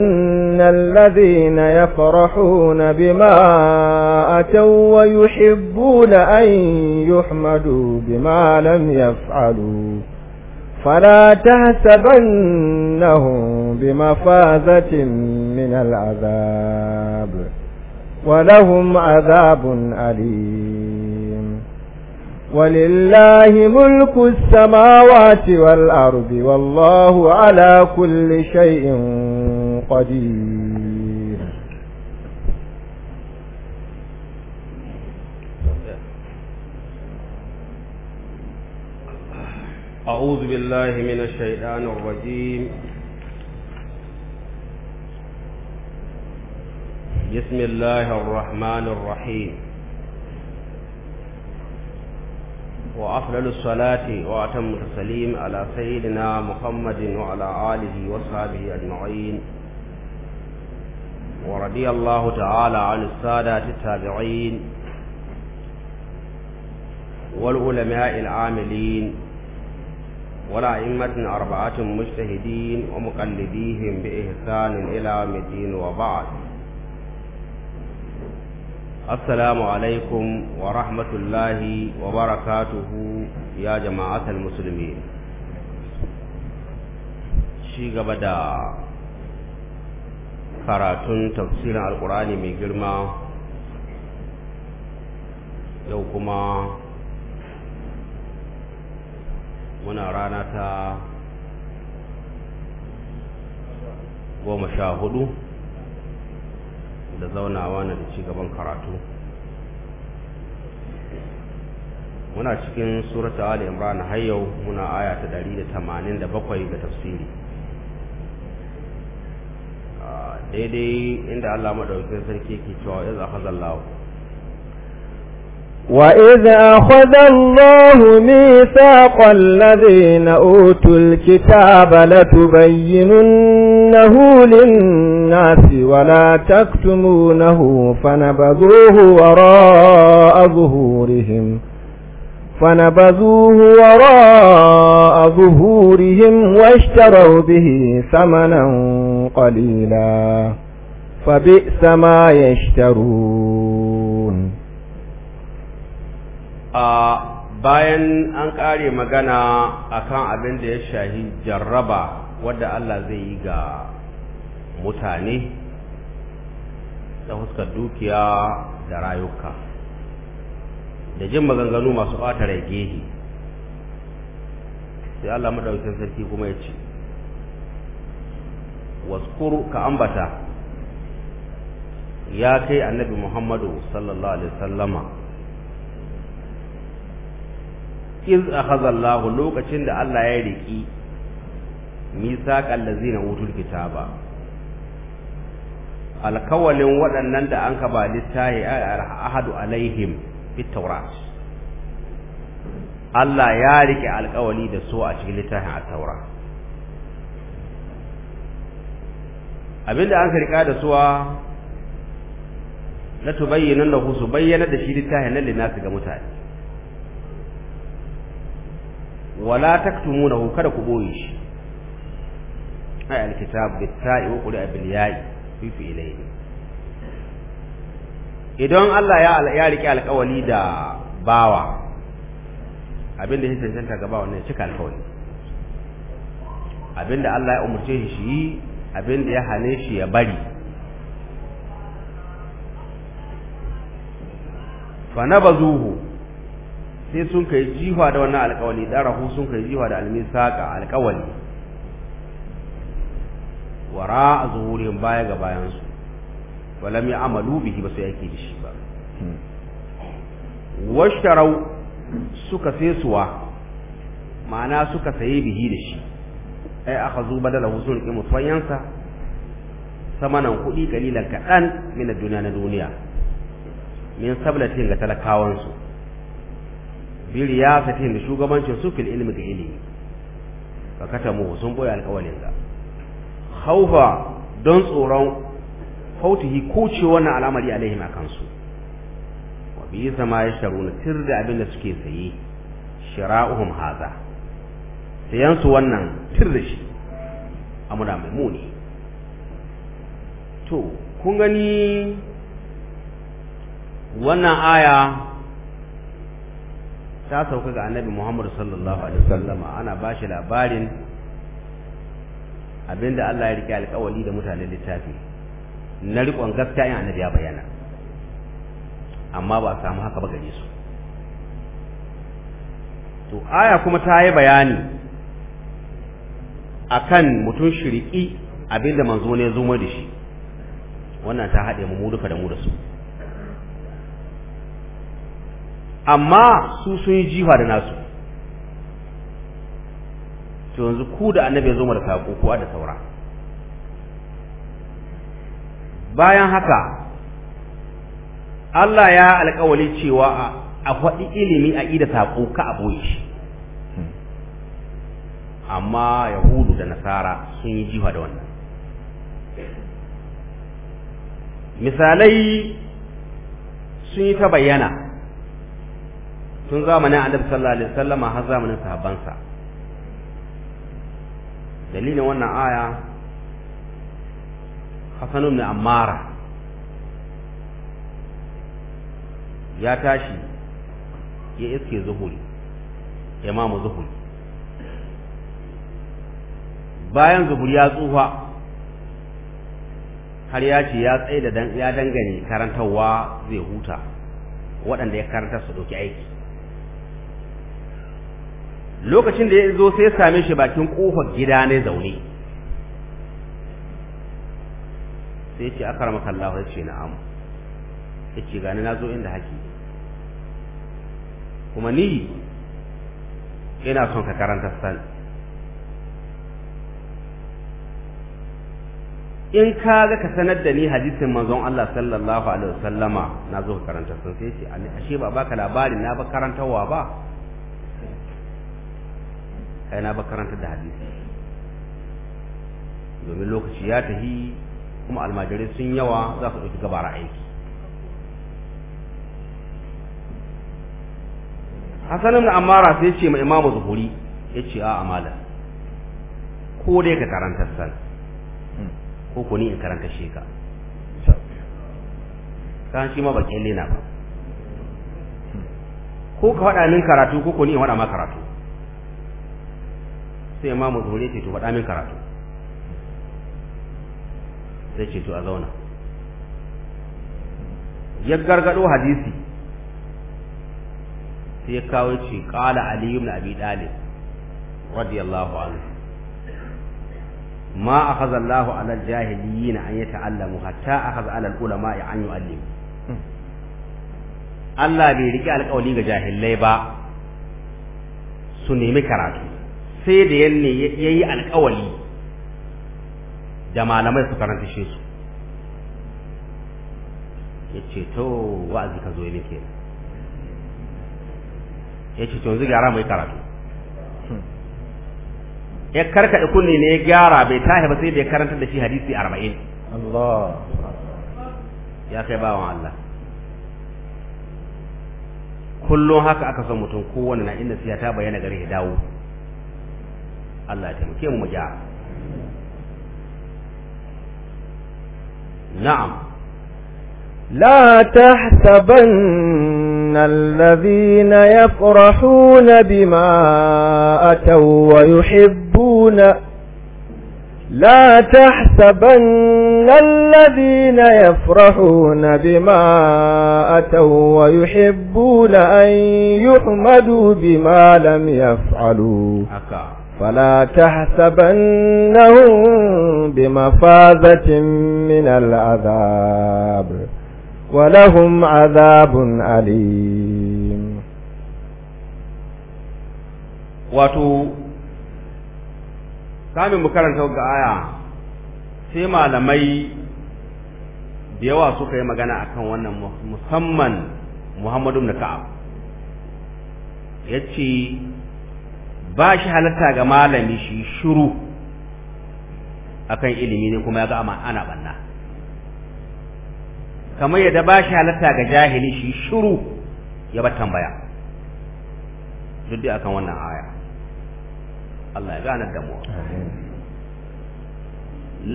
إن الذين يفرحون بما أتوا ويحبون أن يحمدوا بما لم يفعلوا فلا تحسبنهم بمفازة من العذاب ولهم عذاب أليم ولله ملك السماوات والأرض والله على كل شيء قدير أعوذ بالله من الشيطان الرجيم بسم الله الرحمن الرحيم وأفضل الصلاة وأتم التسليم على سيدنا محمد وعلى آله وصحبه أجمعين ورضي الله تعالى عن السادة التابعين والعلماء العاملين والأئمة أربعة مجتهدين ومقلديهم بإحسان إلى مدين وبعد السلام عليكم ورحمة الله وبركاته يا جماعة المسلمين شيء بدأ karatun tafsirin alkurani mai girma yau kuma muna rana ta goma sha hudu da zaunawa na da cigaban karatu muna cikin surata ali imran har yau muna aya ta da da tamanin bakwai ga tafsiri daidai inda Allah madaukakin sarki ke cewa iz akhadallahu وإذ أخذ الله ميثاق الذين أوتوا الكتاب لتبيننه للناس ولا تكتمونه فنبذوه وراء ظهورهم فنبذوه وراء ظهورهم واشتروا به ثمنا قليلا فبئس ما يشترون bayan an ƙare magana akan abin da ya shahi jarraba wadda Allah zai yi ga mutane da huskar dukiya da rayuka da jin maganganu masu ɓata rai gehe sai Allah madaukakin sarki kuma ya ce ka ambata ya kai annabi Muhammadu sallallahu alaihi wasallama iz akhadha Allah lokacin da Allah ya riki misaqal ladzina utul kitaba alkawalin waɗannan da an ka ba littahi ahadu alaihim fit Allah ya rike alƙawali da su a cikin littafin at-taura abinda an rika da suwa la tubayyana lahu su bayyana da shi littafin nan su ga mutane wala taktumunahu kada ku boye shi ay al-kitab tai wa qul bil-ya'i fi ilayhi idan Allah ya ya rike alƙawali da bawa abin da ya cancanta ga bawa ne cika alƙawali abin da Allah ya umarce shi shi abin da ya hane shi ya bari fa nabazuhu sai sun kai jiwa da wannan alƙawali darahu sun kai jiwa da almisaka alƙawali wara zuhurin baya ga bayansu walam yamalu bihi ba su yake da shi ba hmm. washtarau suka sai suwa ma'ana suka saye bihi da shi ai aka zo badala husun ki musayyansa samanan kuɗi kalilan kaɗan min duniya na duniya min sablatin ga talakawansu ya riyasatin da shugabancin su fil ilmi ga ilimi ka katamu sun boye alƙawalin ga khaufa don tsoron fautihi ce wannan al'amari alaihim a kansu wa bi zama ya sharuna tir da abin da suke saye shira'uhum haza sayan su wannan tir da shi amuna mai muni to kun gani wannan aya ta sauka ga annabi Muhammadu sallallahu alaihi wasallam ana shi labarin abinda Allah ya rike alƙawari da mutanen littafi na riƙon gaskiya in annabi ya bayyana amma ba a samu haka ba gare su to aya kuma ta yi bayani akan mutum shiriki abinda manzo ne zo da shi wannan ta haɗe mu duka da mu da su amma su sun yi jifa da nasu to yanzu ku da annabi ya zo da saƙo kowa da saura bayan haka Allah ya alƙawali cewa a faɗi ilimi a ida saƙo ka a boye shi amma yahudu da nasara sun yi jiwa da wannan misalai sun yi ta bayyana tun zamanin annabi sallallahu alaihi wasallam har zamanin sahabbansa dalilin wannan aya Hassan ibn ammara ya tashi ya iske zuhuri imamu zuhuri bayan zuhuri ya tsufa har ya ce ya tsaye da ya dangane karantarwa zai huta waɗanda ya karanta su ɗauki aiki lokacin da ya zo sai ya same shi bakin ƙofar gida ne zaune sai yace akramaka Allah yace na'am yace gani zo inda haki kuma ni ina son ka karanta san in ka ga ka sanar da ni hadisin manzon Allah sallallahu alaihi wasallama na ka karanta san sai ani ashe ba baka labarin na ba karantawa ba kai na ba karanta da hadisi domin lokaci ya tahi kuma almajirai sun yawa za su ɗauki gabara aiki hasanin da amara sai ce ma imamu zuhuri ya ce a amala ko dai ka karanta san ko ku ni in karanta sheka kan shi ma ba kyalle ba ko ka faɗa min karatu ko ku ni in faɗa ma karatu sai imamu zuhuri ya ce to faɗa min karatu sai ce to a zauna ya gargado hadisi sai ya kawo ce kala ali ibn abi dalib radiyallahu anhu ما أخذ الله على الجاهليين أن يتعلموا حتى أخذ على العلماء أن يعلموا Allah bai riƙe alƙawali ga jahilai ba su nemi karatu sai da yanne ya yi alƙawali da malamai su karanta shi su ya ce to wa'azi ka zo ne ke ya ce to yanzu gyara mai karatu ya karkaɗe kunni ne ya gyara bai tahi ba sai da karanta da shi hadisi arba'in Allah ya kai bawan Allah kullum haka aka son mutum kowane na inda siya ta bayyana gare ya dawo Allah ya taimake mu mu gyara نعم لا تحسبن الذين يفرحون بما أتوا ويحبون لا تحسبن الذين يفرحون بما أتوا ويحبون أن يحمدوا بما لم يفعلوا أكا. فلا تحسبنهم بمفازة من العذاب ولهم عذاب أليم واتو kamin mu karanta ga aya sai malamai da yawa suka yi magana akan wannan musamman Muhammadu ibn Ka'ab yace ba shi halatta ga malami shi shuru. akan ilimi ne kuma ya ga ana banna kamar yadda ba shi halatta ga jahili shi shuru ya ba tambaya duk da akan wannan aya Allah ya ganar da mu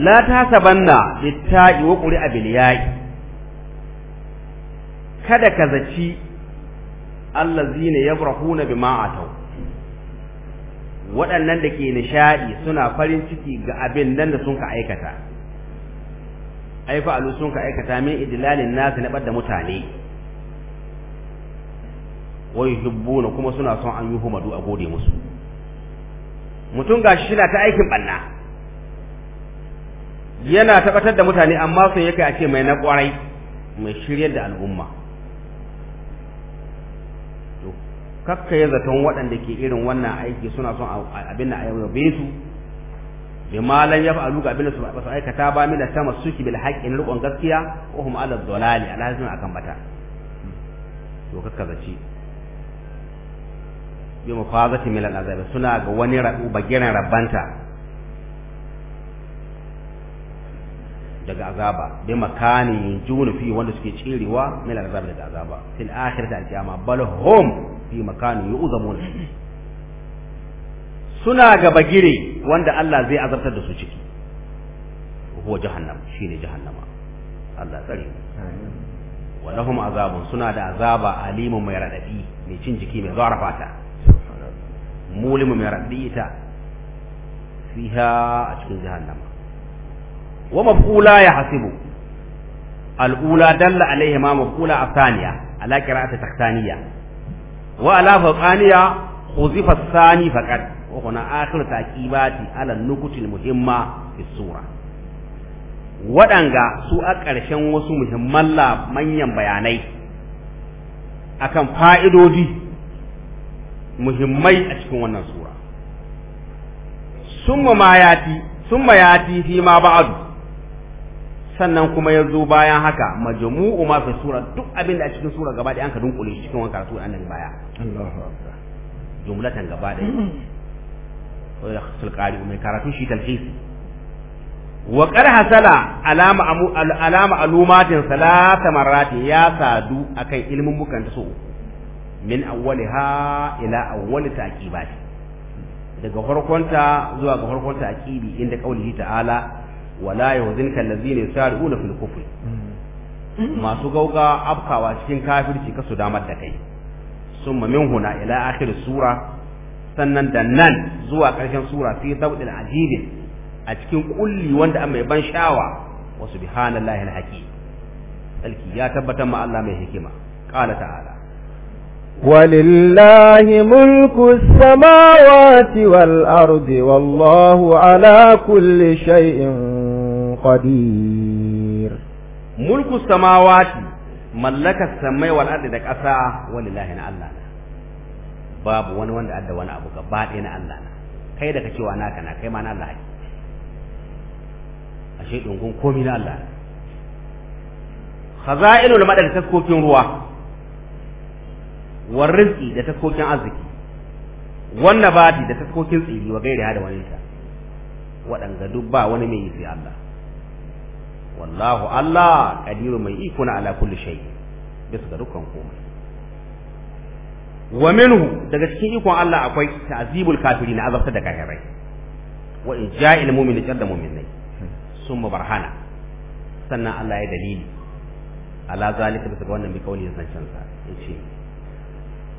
la ta sabanna bitta'i wa kuri abil ya'i kada ka zaci allazina yabrahuna bima atau waɗannan da ke nishaɗi suna farin ciki ga abin nan da sun ka aikata ai fa'alu sun ka aikata min idlalin nas na bar mutane wai dubbuna kuma suna son an yi yuhumadu a gode musu mutum gashi shi ta aikin banna yana tabbatar da mutane amma sun yake a ce mai na kwarai mai shiryar da al'umma kakka ya zaton waɗanda ke irin wannan aiki suna son abin da ayyabe su bi malan ya fa'alu ga abin da su ba su aikata ba ta masuki bil haqqi na riƙon gaskiya ko hum ala dhalali alhazin akan bata to kakka zaci bi mafazati min al'azabi suna ga wani rabu bagiran rabanta daga azaba bi makani junu fi wanda suke cirewa min azab daga azaba fil akhirati al qiyama bal fi makani yu'zamuna suna ga bagire wanda Allah zai azabtar da su ciki huwa jahannam shine jahannama Allah tsare wa lahum azabun suna da azaba alimun mai radadi mai cin jiki mai zuwa fata mulimu mai radadi ita fiha a cikin jahannama wa mafula ya hasibu al'ula dalla alaihi ma mafula a saniya ala ta taktaniya wa ala faqaniya khuzifa sani faqat wa huna akhir taqibati ala nukutil muhimma fi sura waɗanga su a ƙarshen wasu muhimman manyan bayanai akan fa'idodi muhimmai a cikin wannan sura summa mayati summa yati fi ma ba'du sannan kuma ya zo bayan haka majmu'u ma fi sura duk abin da a cikin sura gaba ɗaya an ka dunkule shi cikin wani karatu annabi baya Allahu akbar jumlatan gaba ɗaya wala khasul qari mai karatu shi talhisi wa qad hasala alama alama alumatin salasa marrati ya sadu akan ilmin mukan ta so min awwaliha ila awwali taqibati daga farkonta zuwa ga farkonta aqibi inda qaulihi ta'ala wala yahzunka allazina yusari'una fil kufr masu gauga afkawa cikin kafirci kasu damar da kai summa min huna ila akhir sura sannan da nan zuwa ƙarshen sura fi daudin ajibin a cikin kulli wanda mai ban shawa wa subhanallahi alhaqi alki ya tabbatar ma Allah mai hikima qala ta'ala ولله ملك السماوات والأرض والله على كل شيء qadir mulku samawati mallaka samai wal ardi da ƙasa walillahi na Allah na babu wani wanda adda wani abu ga baɗi na Allah na kai da kake wa naka na kai ma na Allah ashe dungun komai na Allah khaza'inu da madar takkokin ruwa war rizqi da taskokin arziki wanda badi da taskokin tsiri wa gairi da wani ta waɗanda duk ba wani mai yi sai Allah wallahu Allah kadiru mai iko na ala kulli shay bisa ga dukkan komai wa minhu daga cikin ikon Allah akwai ta'zibul kafirin azabta da kafirai wa ija'il mu'mini da mu'minai summa barhana sannan Allah ya dalili ala zalika bisa ga wannan bi kauli da sa yace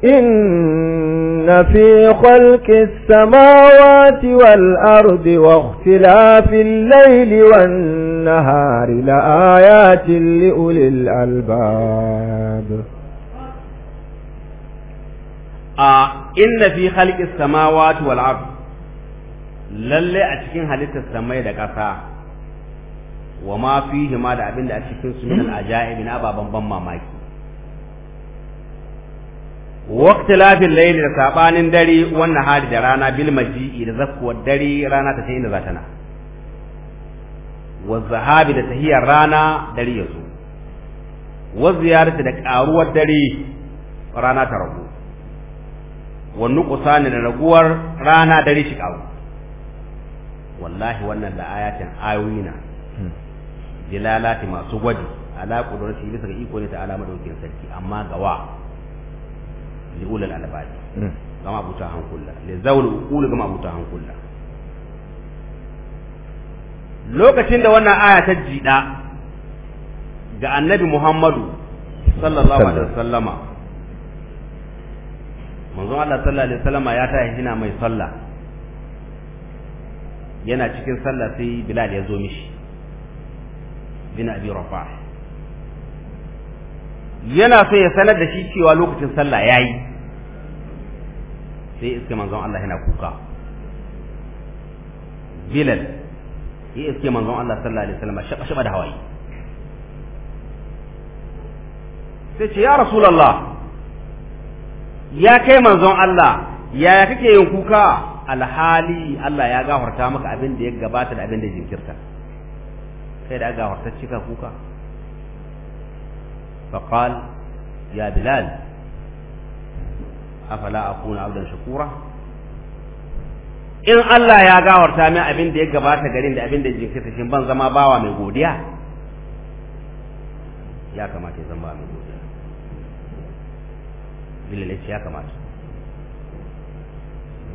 إن في خلق السماوات والأرض واختلاف الليل والنهار لآيات لأولي الألباب آه، إن في خلق السماوات والأرض للي أشكين هلت السماية دكاسا وما فيه ما دعبين أشكين سمين الأجائب نابا بمبما مايكي waqtilafil layli da sabanin dare wannan hali da rana bil maji'i da zakkuwar dare rana ta sai inda za ta na wa zahabi da tahiyar rana dare ya zo wa ziyarati da karuwar dare rana ta ragu wa nuqsani da raguwar rana dare shi karu wallahi wannan da ayatin ayoyina dilalati masu gwaji ala kudrati bisa ga iko ne ta alama daukin sarki amma gawa li ulal albab hmm. ga hankula li zawul uqul ga mabuta hankula lokacin da wannan aya ta jida ga annabi Muhammadu sallallahu alaihi wasallama manzon Allah sallallahu alaihi wasallama ya tashi hina mai sallah yana cikin sallah sai Bilal ya zo mishi bin Abi Rafah yana so ya sanar da shi cewa lokacin sallah yayi sai iske manzon Allah yana kuka Bilal ya iske manzon Allah sallallahu alaihi wasallam shaba shaba da hawaye sai ce ya rasulullah ya kai manzon Allah yaya kake yin kuka alhali Allah ya gafarta maka abin da ya gabata da abin da jinkirta kai da gafarta cika kuka فقال يا بلال أفلا أكون عبدا شكورا in Allah ya gawarta min abin da ya gabata garin da abin da jinkirta shin ban zama bawa mai godiya ya kamata ya zama mai godiya bilalaci ya kamata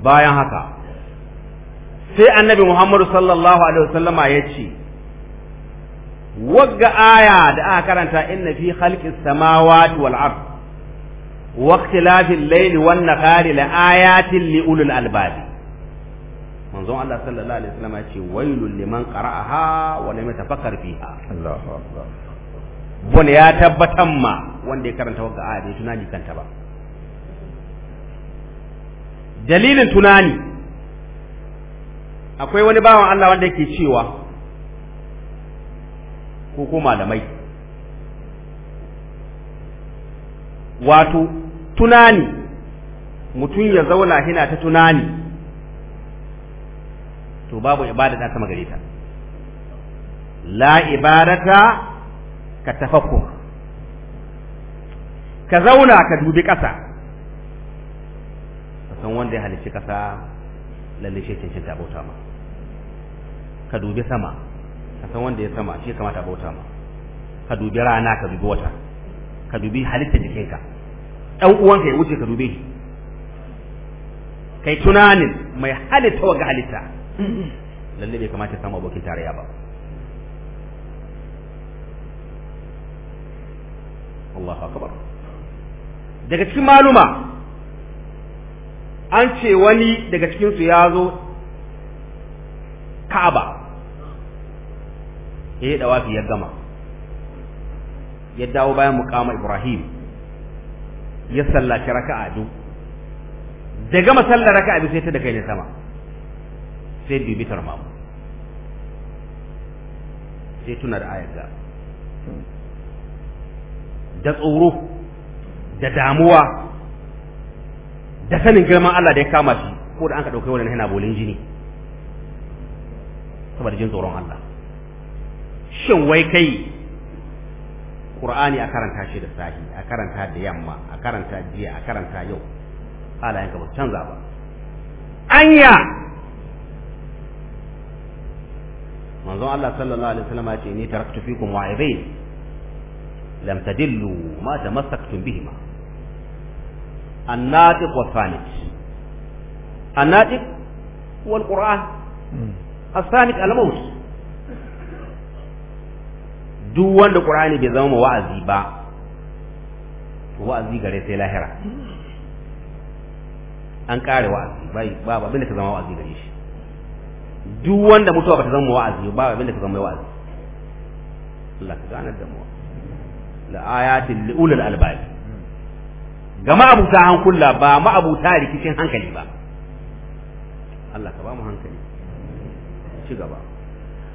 bayan haka sai annabi Muhammadu sallallahu alaihi ya ce wagga aya da aka karanta inna fi khalqi samawati wal ard wa ikhtilafil layli wan nahari la ayatin li ulul albab manzo Allah sallallahu alaihi wasallam ce wailul liman qara'aha wa lam yatafakkar fiha Allahu akbar bon ya tabbatan ma wanda ya karanta wagga aya bai tunani kanta ba dalilin tunani akwai wani bawan Allah wanda yake cewa ko ko malamai wato tunani mutum ya zauna hina ta tunani to babu ibada ta sama gare la ibadata ka tafakkur ka zauna ka dubi ƙasa ka san wanda ya halicci ƙasa lalle shi cancanta bauta ma ka dubi sama ka san wanda ya sama shi kamata a bauta ma ka dubi rana ka dubi wata ka dubi halitta jikinka ɗan uwanka ya wuce ka dube shi kai tunanin mai halitta wa ga halitta lalle bai kamata samu abokin tarayya ba Allahu akbar daga cikin maluma an ce wani daga cikinsu ya zo Ka'aba ya yi dawafi ya gama ya dawo bayan mukama ibrahim ya sallaci a biyu da gama sallar raka biyu sai ta da kai ne sama sai dubitar mamu sai tuna da ayar da tsoro da damuwa da sanin girman Allah da ya kama shi ko da an ka ɗauki wannan yana bolin jini saboda jin tsoron Allah shin wai kai Qur'ani a karanta shi da sahi a karanta da yamma a karanta jiya a karanta yau halayenka ba canza ba anya manzon Allah sallallahu alaihi wasallam ya ce ni taraktu fikum wa'idain lam tadillu ma tamassaktum bihima annatiq wa thanit annatiq wal qur'an الثاني الموت duk wanda qur'ani bai zama wa'azi ba wa'azi gare sai lahira an kare wa'azi bai ba abin da ka zama wa'azi gare shi duk wanda mutuwa bata zama wa'azi ba abin da ka zama wa'azi Allah ka gane da mu la ayatin li ulul albab ga ma'abuta hankula ba ma'abuta rikicin hankali ba Allah ka ba mu hankali ci gaba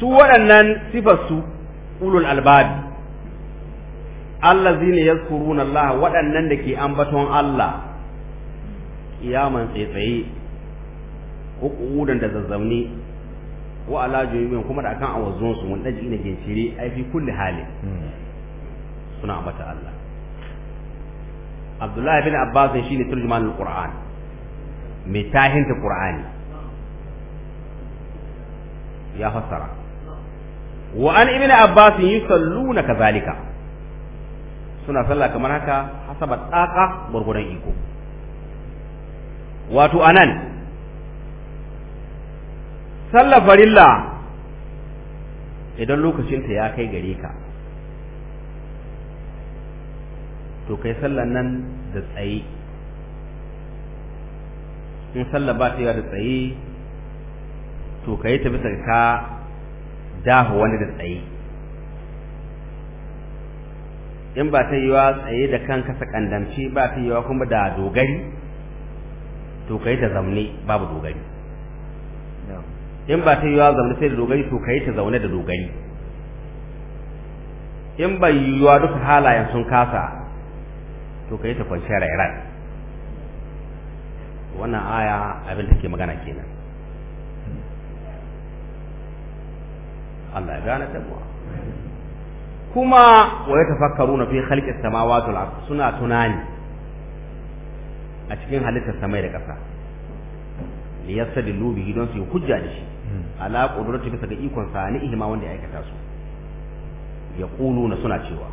su waɗannan sifarsu ulul albabi ne yazkuruna Allah waɗannan da ke ambaton Allah kiyaman tsaitsaye ƙudan da zazzaune wa alajoyi juyubin kuma da akan awazun su mun daji ina gincire ai fi kulli hali suna ambata Allah Abdullah ibn Abbas shi turjuman al-Qur'an mai tahinta Qur'ani ya fassara wa an yi abbas yusalluna kazalika suna sallah kamar haka hasaba tsaqa gurguran iko wato anan sallar farilla idan lokacinta ya kai gare ka to kai sallar nan da tsaye in sallar ba ta da tsaye to kai ta bisa ka dafa wani da tsaye in ba ta yiwa tsaye da kanka sakandamci ba ta yiwa kuma da dogari to kai ta zamne babu dogari in ba ta yiwa zamne sai da dogari to kai ta zaune da dogari in ba yiwa duka halayen sun kasa to kai ta kwanciyar rairan wannan aya abin take magana kenan Allah ya gane tabuwa kuma wa yatafakkaruna fi khalqis samawati wal ard suna tunani a cikin halittar samai da ƙasa li yasdillu bihi don su hujja da shi hmm. ala qudrati bisa ga ikon sa ni ihma wanda ya aikata su yaquluna suna cewa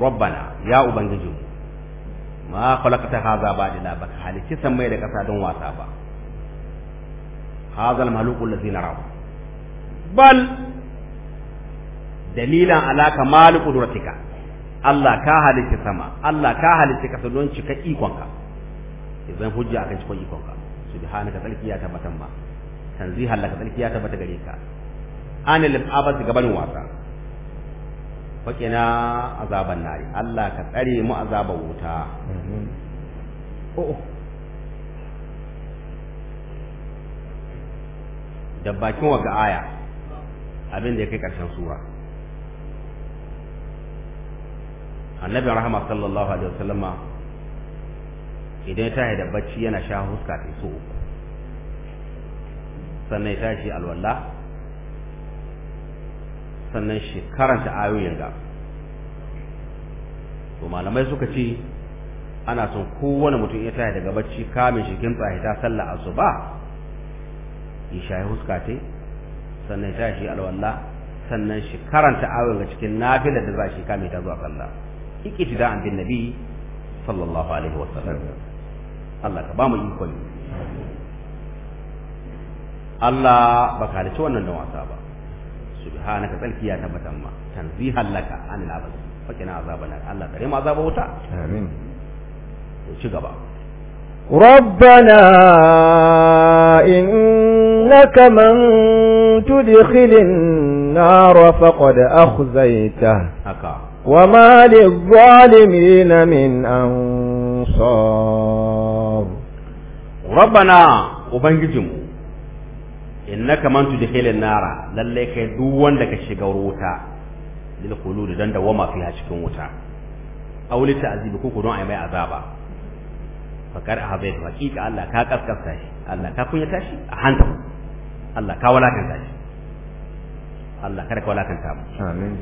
rabbana ya ubangijinmu ma khalaqta hadha badila baka halitta samai da ƙasa don wasa ba hadha al-maluku allazi narahu bal dalilan alaka malu qudratika Allah ka halitta sama Allah ka halitta ka don cika ikonka idan hujja akan cika ikonka subhanaka tsarki ya tabbatan ma tanzi laka tsarki ya tabbata gare ka anil abad gaban wasa faƙina azaban nari Allah ka tsare mu azaban wuta oh. da bakin waga aya abin da ya kai karshen sura annabin rahama sallallahu alaihi wasallama idan ya tashi da bacci yana sha huska ta so sannan ya tashi alwala sannan shi karanta ayoyin ga to malamai suka ce ana son kowane mutum ya tashi daga bacci kamin shi tsaya ta sallah asuba ya shayi huska ta sannan ta shi alwala sannan shi karanta awon ga cikin nafilar da za shi kame ta zuwa sallah an bin nabi sallallahu alaihi wa sallam Allah ka ba mu ikon Allah ba ka halicci wannan da wasa ba subhanaka tsalki ya tabbatar ma tanzihan laka anil abad fakina azabana Allah kare mu azaba wuta amin ci gaba ربنا إنك من تدخل النار فقد أخزيته وما للظالمين من أنصار ربنا وبنجم إنك من تدخل النار لليك دوان لك الشجروتا للخلود دند وما فيها شكوتا أو لتعذيبكوك نوع ما عذابا fakar ahabai hakika Allah ka kaskasta shi Allah ka kunya tashi a hanta Allah ka walakanta shi Allah kada ka walakanta mu amin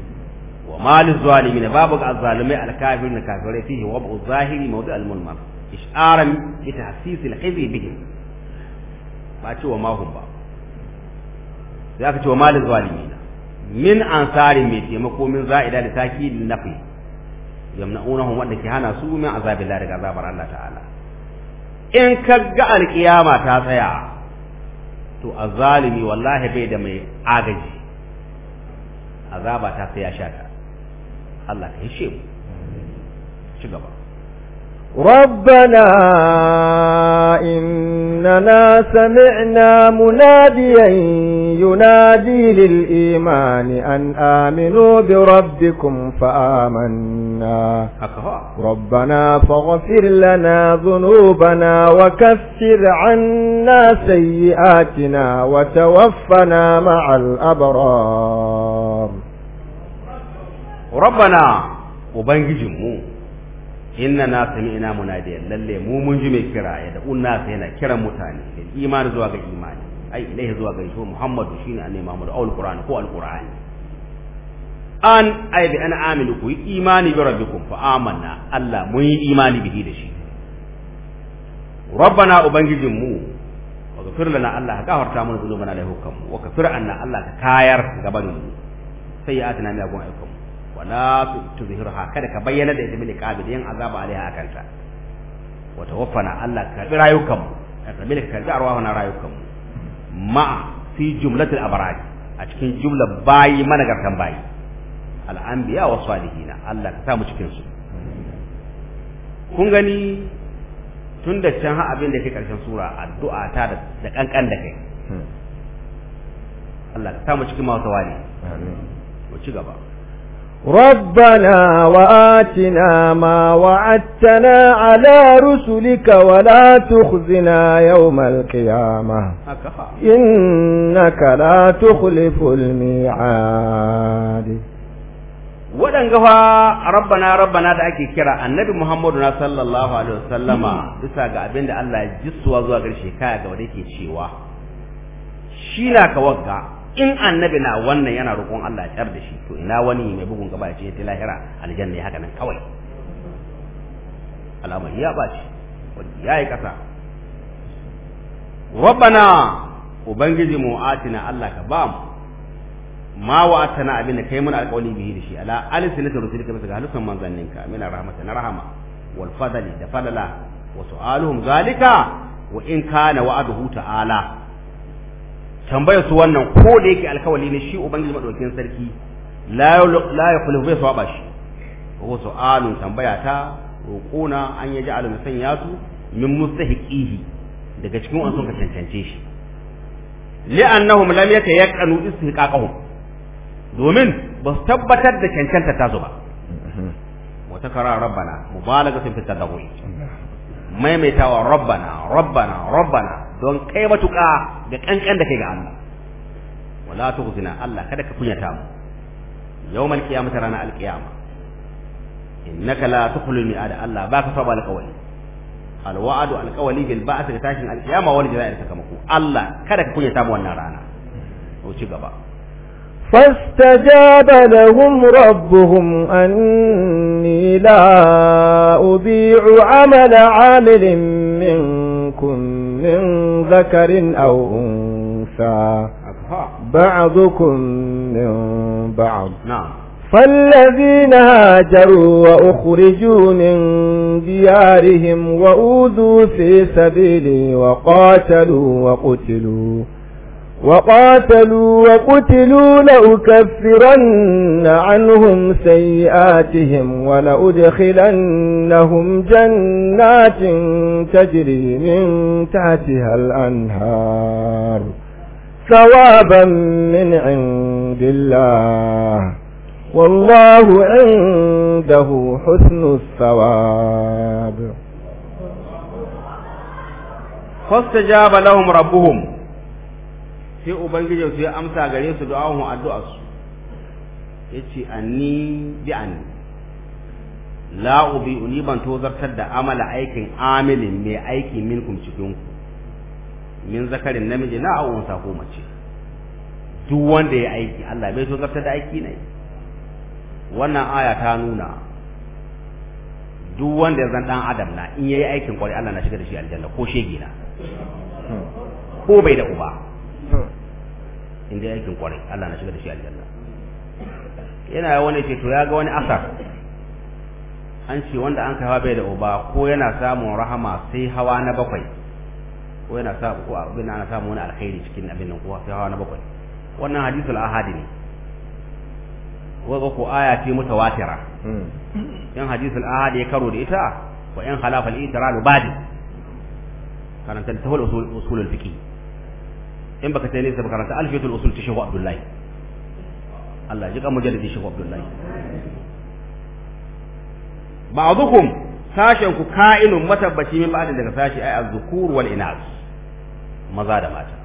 wa mal zalimin babu ga zalimai alkafirin da kafire fihi wa bu zahiri mawdu al mulma isharan bi tahsis al hizbi bihim ba ce wa ma hum ba za ka ce wa mal zalimin min ansari mai taimako min za'ida da takidin nafi yamna'unahum wanda ke hana su min azabillah daga azabar Allah ta'ala in ka ga alkiyama ta tsaya to azalimi wallahi bai da mai agaji azaba ta tsaya sha ta Allah ka hishe mu ci gaba ربنا إننا سمعنا مناديا ينادي للإيمان أن آمنوا بربكم فآمنا ربنا فاغفر لنا ذنوبنا وكفر عنا سيئاتنا وتوفنا مع الأبرار ربنا وبنجي جمو إننا سمعنا منادي للي مو منجي مكرا يدعونا فينا كرا متاني الإيمان زواغ ai ilaihi zuwa gare shi muhammadu shine annabi muhammadu aw alqur'ani ko alqur'ani an ai bi ana aminu ku imani bi rabbikum fa amanna Allah mun yi imani bihi da shi rabbana ubangijin mu wa ghafir lana Allah ka gafarta mana zunubana da hukum wa kafir anna Allah ka kayar gaban mu sai ya atana mi agun aikum wala tuzhirha kada ka bayyana da idmin qabil yan azaba alaiha akanta wa tawaffana Allah ka bi rayukan mu ka bi ka karbi arwahuna rayukan mu ma fi jumlatul abraj a cikin jumlar bayi managartan bayi al'anbiya wa salihina Allah ka samu cikin su kun gani tun da can ha abin da ke karshen sura addu'a ta da kankan da kai hmm. Allah ka samu cikin masu wali ci gaba ربنا وآتنا ما وعدتنا على رسلك ولا تخزنا يوم القيامة إنك لا تخلف الميعاد waɗanga fa rabbana rabbana da ake kira annabi Muhammadu na sallallahu alaihi wasallama bisa ga abinda Allah ya jissuwa zuwa garshe kaya ga wanda yake cewa shi na ka in annabi na wannan yana roƙon Allah ya da shi to ina wani mai bugun gaba ce ta lahira aljanna ya haka nan kawai alama ya baci ya yayi kasa rabbana ubangiji mu atina Allah ka ba mu ma atana abinda kai mun alƙawari bihi da shi ala alisinatu rusulika bisa ga ka manzanninka min rahmatan rahama wal fadli da fadala wa su'aluhum zalika wa in kana wa'aduhu ta'ala tambayar su wannan ko da yake alkawali ne shi ubangiji madaukakin sarki la la yakhlu bai saba shi ko alun tambaya ta roƙona an yaji alu sanya su min mustahiqihi daga cikin wannan ka tantance shi annahum lam yatayaqqanu istihqaqahum domin ba su tabbatar da cancanta ta su ba wa takara rabbana mubalagatin fi maimaitawa rabbana rabbana rabbana don kai matuƙa da kankan da kai ga Allah wala tughzina Allah kada ka kunyata mu yawmal qiyamah rana alqiyama innaka la tukhlu mi'ada Allah baka saba alqawli alwa'du alqawli bil ba'th ga tashin alqiyama wal jaza'ir sakamako Allah kada ka kunyata mu wannan rana to ci gaba فاستجاب لهم ربهم أني لا أضيع عمل عامل منكم من ذكر أو أنثى بعضكم من بعض نعم فالذين هاجروا وأخرجوا من ديارهم وأوذوا في سبيلي وقاتلوا وقتلوا وقاتلوا وقتلوا لأكفرن عنهم سيئاتهم ولأدخلنهم جنات تجري من تحتها الأنهار ثوابا من عند الله والله عنده حسن الثواب فاستجاب لهم ربهم sai ubangiji su ya amsa gare su da du'a'un addu'a su yace anni bi an la ubi ni ban tozartar da amala aikin amilin mai aiki minkum cikin ku min zakarin namiji na awon ko mace duk wanda ya aiki Allah bai tozartar da aiki ne wannan aya ta nuna duk wanda ya zan dan adam na in yayi aikin kwari Allah na shiga da shi aljanna ko shege na ko bai da uba in dai aikin kwarai Allah na shiga da shi aljanna yana wani ce to ya ga wani asar an ce wanda an kai bai da uba ko yana samun rahama sai hawa na bakwai ko yana samu ko abin ana samu wani alkhairi cikin abin nan ko sai hawa na bakwai wannan hadithul ahadi ne ga ko aya ce mutawatira hmm. Yan hadithul ahadi ya karo da ita wa in khalafa al-idrar badi karanta ta usul usul al-fiqh in baka sai nesa karanta alfiyatul usul ta shehu abdullahi Allah ji kan mujalladi shehu abdullahi ba'dukum sashen ku ka'inun matabbaci min ba'd daga sashi ay az-zukur wal inas maza da mata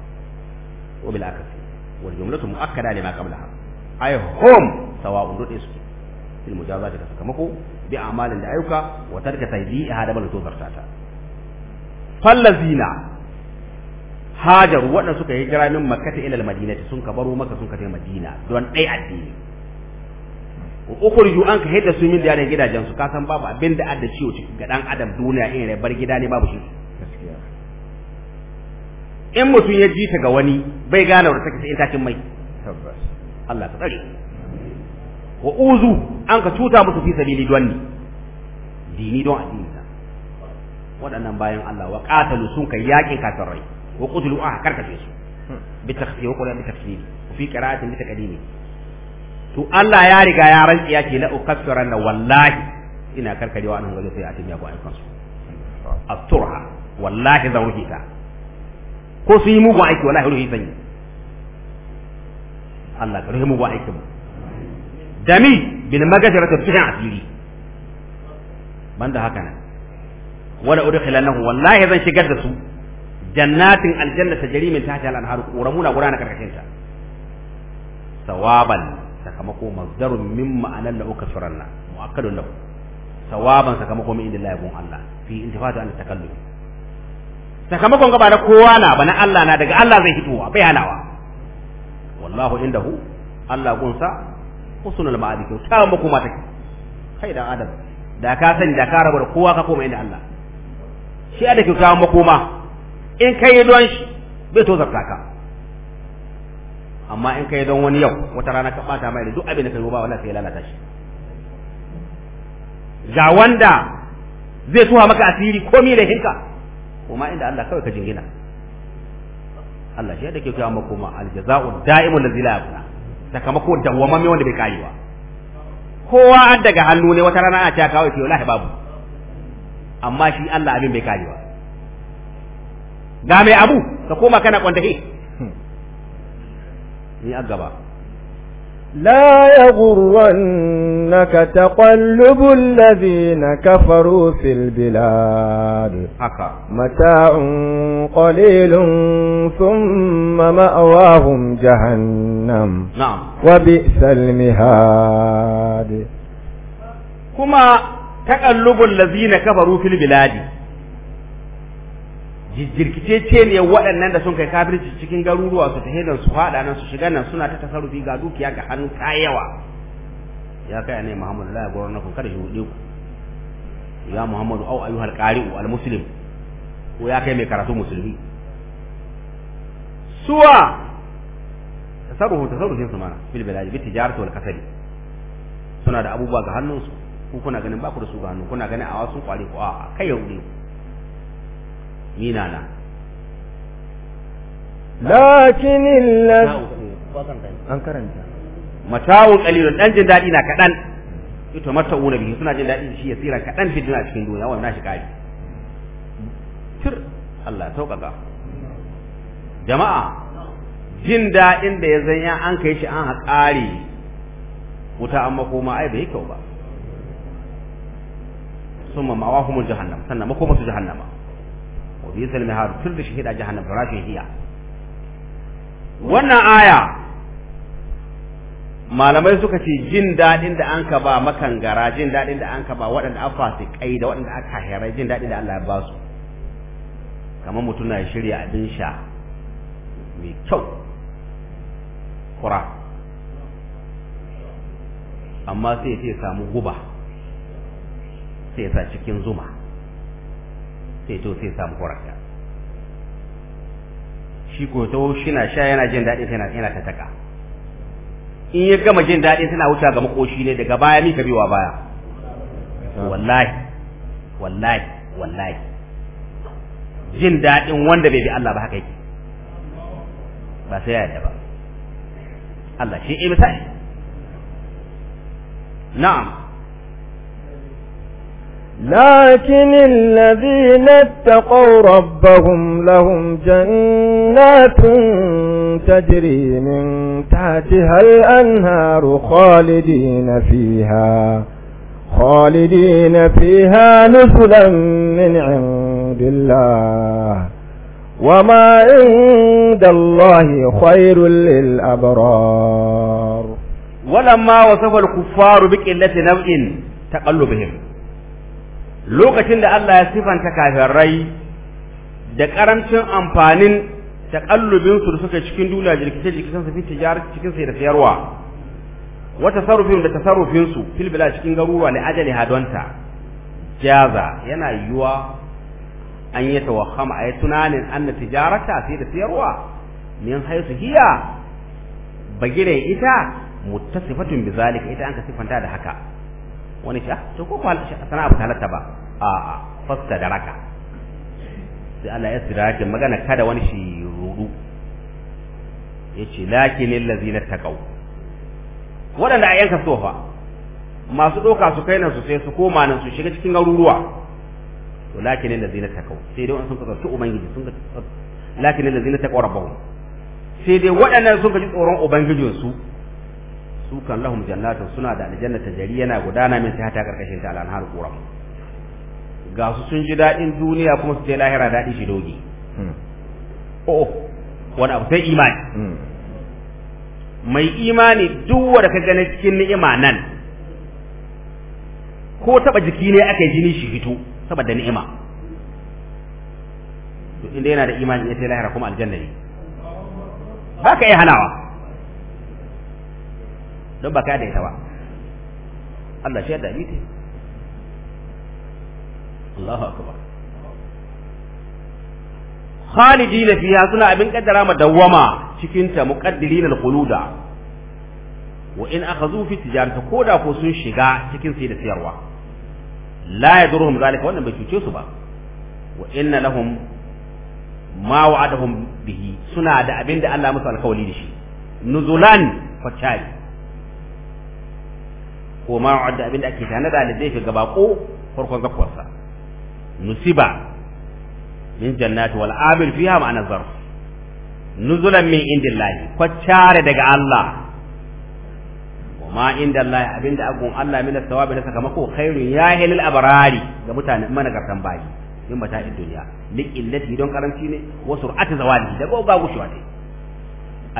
wa bil akasi wal jumlatu muakkada lima qablaha ay hum sawa'un dudde su fil mujazati da sakamako bi a'malin da ayyuka wa tarka taydi'iha da bal tozarta ta fallazina hajaru waɗanda suka hijira jira min makkata ila madinati sun ka baro maka sun ka tafi madina don ɗaya addini wa ukhriju an ka hidda su min da yaran gidajen su ka san babu abin da adda ciwo cikin ga dan adam duniya in rai bar gida ne babu shi in mutum ya ji ga wani bai gane wanda take sai in takin mai Allah ta tsare wa uzu an ka cuta musu fi sabili don ni dini don addini waɗannan bayan Allah wa qatalu sun kai yaƙin kafirai wa qutlu ah karkace su bi takhfif wa qala bi takhfif fi qira'atin bi taqdimi to Allah ya riga ya rantsi ya ce la ukaffiranna wallahi ina karkarewa annabi wajen sai a tinya ko aikan su asturha wallahi zan rufe ta ko sun yi mugu aiki wallahi rufe zan yi Allah ka rufe mugu aikin dami bil magajara ta cikin asiri banda haka zan shigar da su jannatin aljanna ta jari min tahtiha al-anhar quramuna gurana karkashin ta sawaban sakamako mazdarun mimma ma'anan la ukasirna muakkadun lahu sawaban sakamako min inda Allah Allah fi intifatu an takallum sakamakon gaba na kowa na bana Allah na daga Allah zai hito a bayanawa wallahu indahu Allah gunsa husnul ma'adi kyauta makoma take kai da adam da ka san da ka rabar kowa ka koma inda Allah shi da kyauta makoma in ka yi don shi bai to zarta ka amma in ka yi don wani yau wata rana ka bata mai da duk abin da ka yi ba wallahi sai lalata shi ga wanda zai tuha maka asiri komi da hinka kuma inda Allah kawai ka jingina Allah shi da ke kawo kuma aljaza'u da'imul ladzi la yabna sakamako mai wanda bai karewa kowa an daga hannu ne wata rana ana cewa kawai sai wallahi babu amma shi Allah abin bai karewa ga mai abu ka koma kana kwandahi ni a gaba لا يغرنك تقلب الذين كفروا في البلاد أكا. متاع قليل ثم مأواهم جهنم نعم وبئس المهاد كما تقلب الذين كفروا في البلاد jirkice ne waɗannan da sun kai kafirci cikin garuruwa su tahe nan su faɗa nan su shiga nan suna ta tasarufi ga dukiya ga hannu ta yawa ya kai ne Muhammadu la gwara na kada shi hude ku ya Muhammadu au ayyuhal qari'u al muslim ko ya kai mai karatu musulmi suwa tasarrufu tasarrufin su mana bil bilad bi tijaratu wal kasali suna da abubuwa ga hannunsu ku kuna ganin ba ku da su ga hannu kuna ganin a wasu kwari ko a kai yau ne ku ni na na lakin an karanta mata'un qalilun dan jin dadi na kadan ita mata'una bihi suna jin dadi shi yasira kadan fi duniya cikin duniya wannan shi kari tir Allah sauƙaƙa jama'a jin daɗin da ya zanya an kai shi an haƙari wuta an makoma ai bai kyau ba sun mamawa kuma jahannam sannan makoma jahannama bisa har tun da shahida jahannam farashin hiya wannan aya malamai suka ce jin daɗin da an ka ba makangara jin daɗin da an ka ba waɗanda an kai da waɗanda aka hairai jin daɗin da Allah ya ba su kamar mutum na shirya abin sha mai kyau kura amma sai ya samu guba sai ya cikin zuma sai to sai samu waraka shi ko to shi na sha yana jin daɗi sai yana ta taka in ya gama jin daɗi suna wuta ga makoshi ne daga baya mika biwa baya wallahi wallahi wallahi jin daɗin wanda bai bi Allah ba haka yake ba sai ya ba Allah shi ibtai na'am لكن الذين اتقوا ربهم لهم جنات تجري من تحتها الأنهار خالدين فيها خالدين فيها نزلا من عند الله وما عند الله خير للأبرار ولما وصف الكفار بقلة نوء تقلبهم lokacin da Allah ya sifanta kafirai da karamcin amfanin takallubin su suka cikin duniya jirkice jirkicen su fi tijar cikin sai da sayarwa wa tasarrufin da tasarrufin su fil bila cikin garuruwa ne ajali hadonta jaza yana yuwa an yi tawahama ay tunanin anna tijarata sai da sayarwa min haisu hiya bagire ita muttasifatun bizalika ita an ka sifanta da haka wani sha to ko kuma abu ta halatta ba a a fasta da raka sai Allah ya tsira ke magana kada wani shi rudu yace lakin allazina taqaw wadanda ayan ka sofa masu doka su kai nan su sai su koma nan su shiga cikin garuruwa to lakin allazina taqaw sai dai sun kaza ubangiji sun lakin allazina taqaw rabbahum sai dai waɗannan sun kaji tsoron ubangijinsu dukan lahum jannatu suna da aljanna ta jari yana gudana min sai ta karkashin ta al'anhar quram ga su sun ji dadin duniya kuma su je lahira dadi shi doge hmm. oh wani abu sai imani hmm. mai imani duk wanda ka gani cikin ni'ima nan ko taba jiki ne aka jini shi fito saboda ni'ima to inda yana da imani ya sai lahira kuma aljanna ne ba ka iya hanawa don ba ka da ita ba Allah shi da ita Allahu akbar khalidina fiha suna abin kaddara ma dawwama cikin ta muqaddirina al-khuluda wa in akhadhu fi tijarati koda ko sun shiga cikin sai da siyarwa la yadurhum zalika wannan bai cuce su ba wa inna lahum ma wa'adahum bihi suna da abin da Allah musu alkawali da shi nuzulan fatali ko ma wadda abin da ake tana da zai ga bako farkon zakwarsa nusiba min jannati wal amil fiha ma'ana zarf nuzulan min indillahi tare daga Allah wa ma indallahi abinda agun Allah min as-sawabi da mako khairun ya hilal abrari ga mana gartan bayi min mata duniya li illati don karanci ne wa sur'ati zawali da ba gushewa dai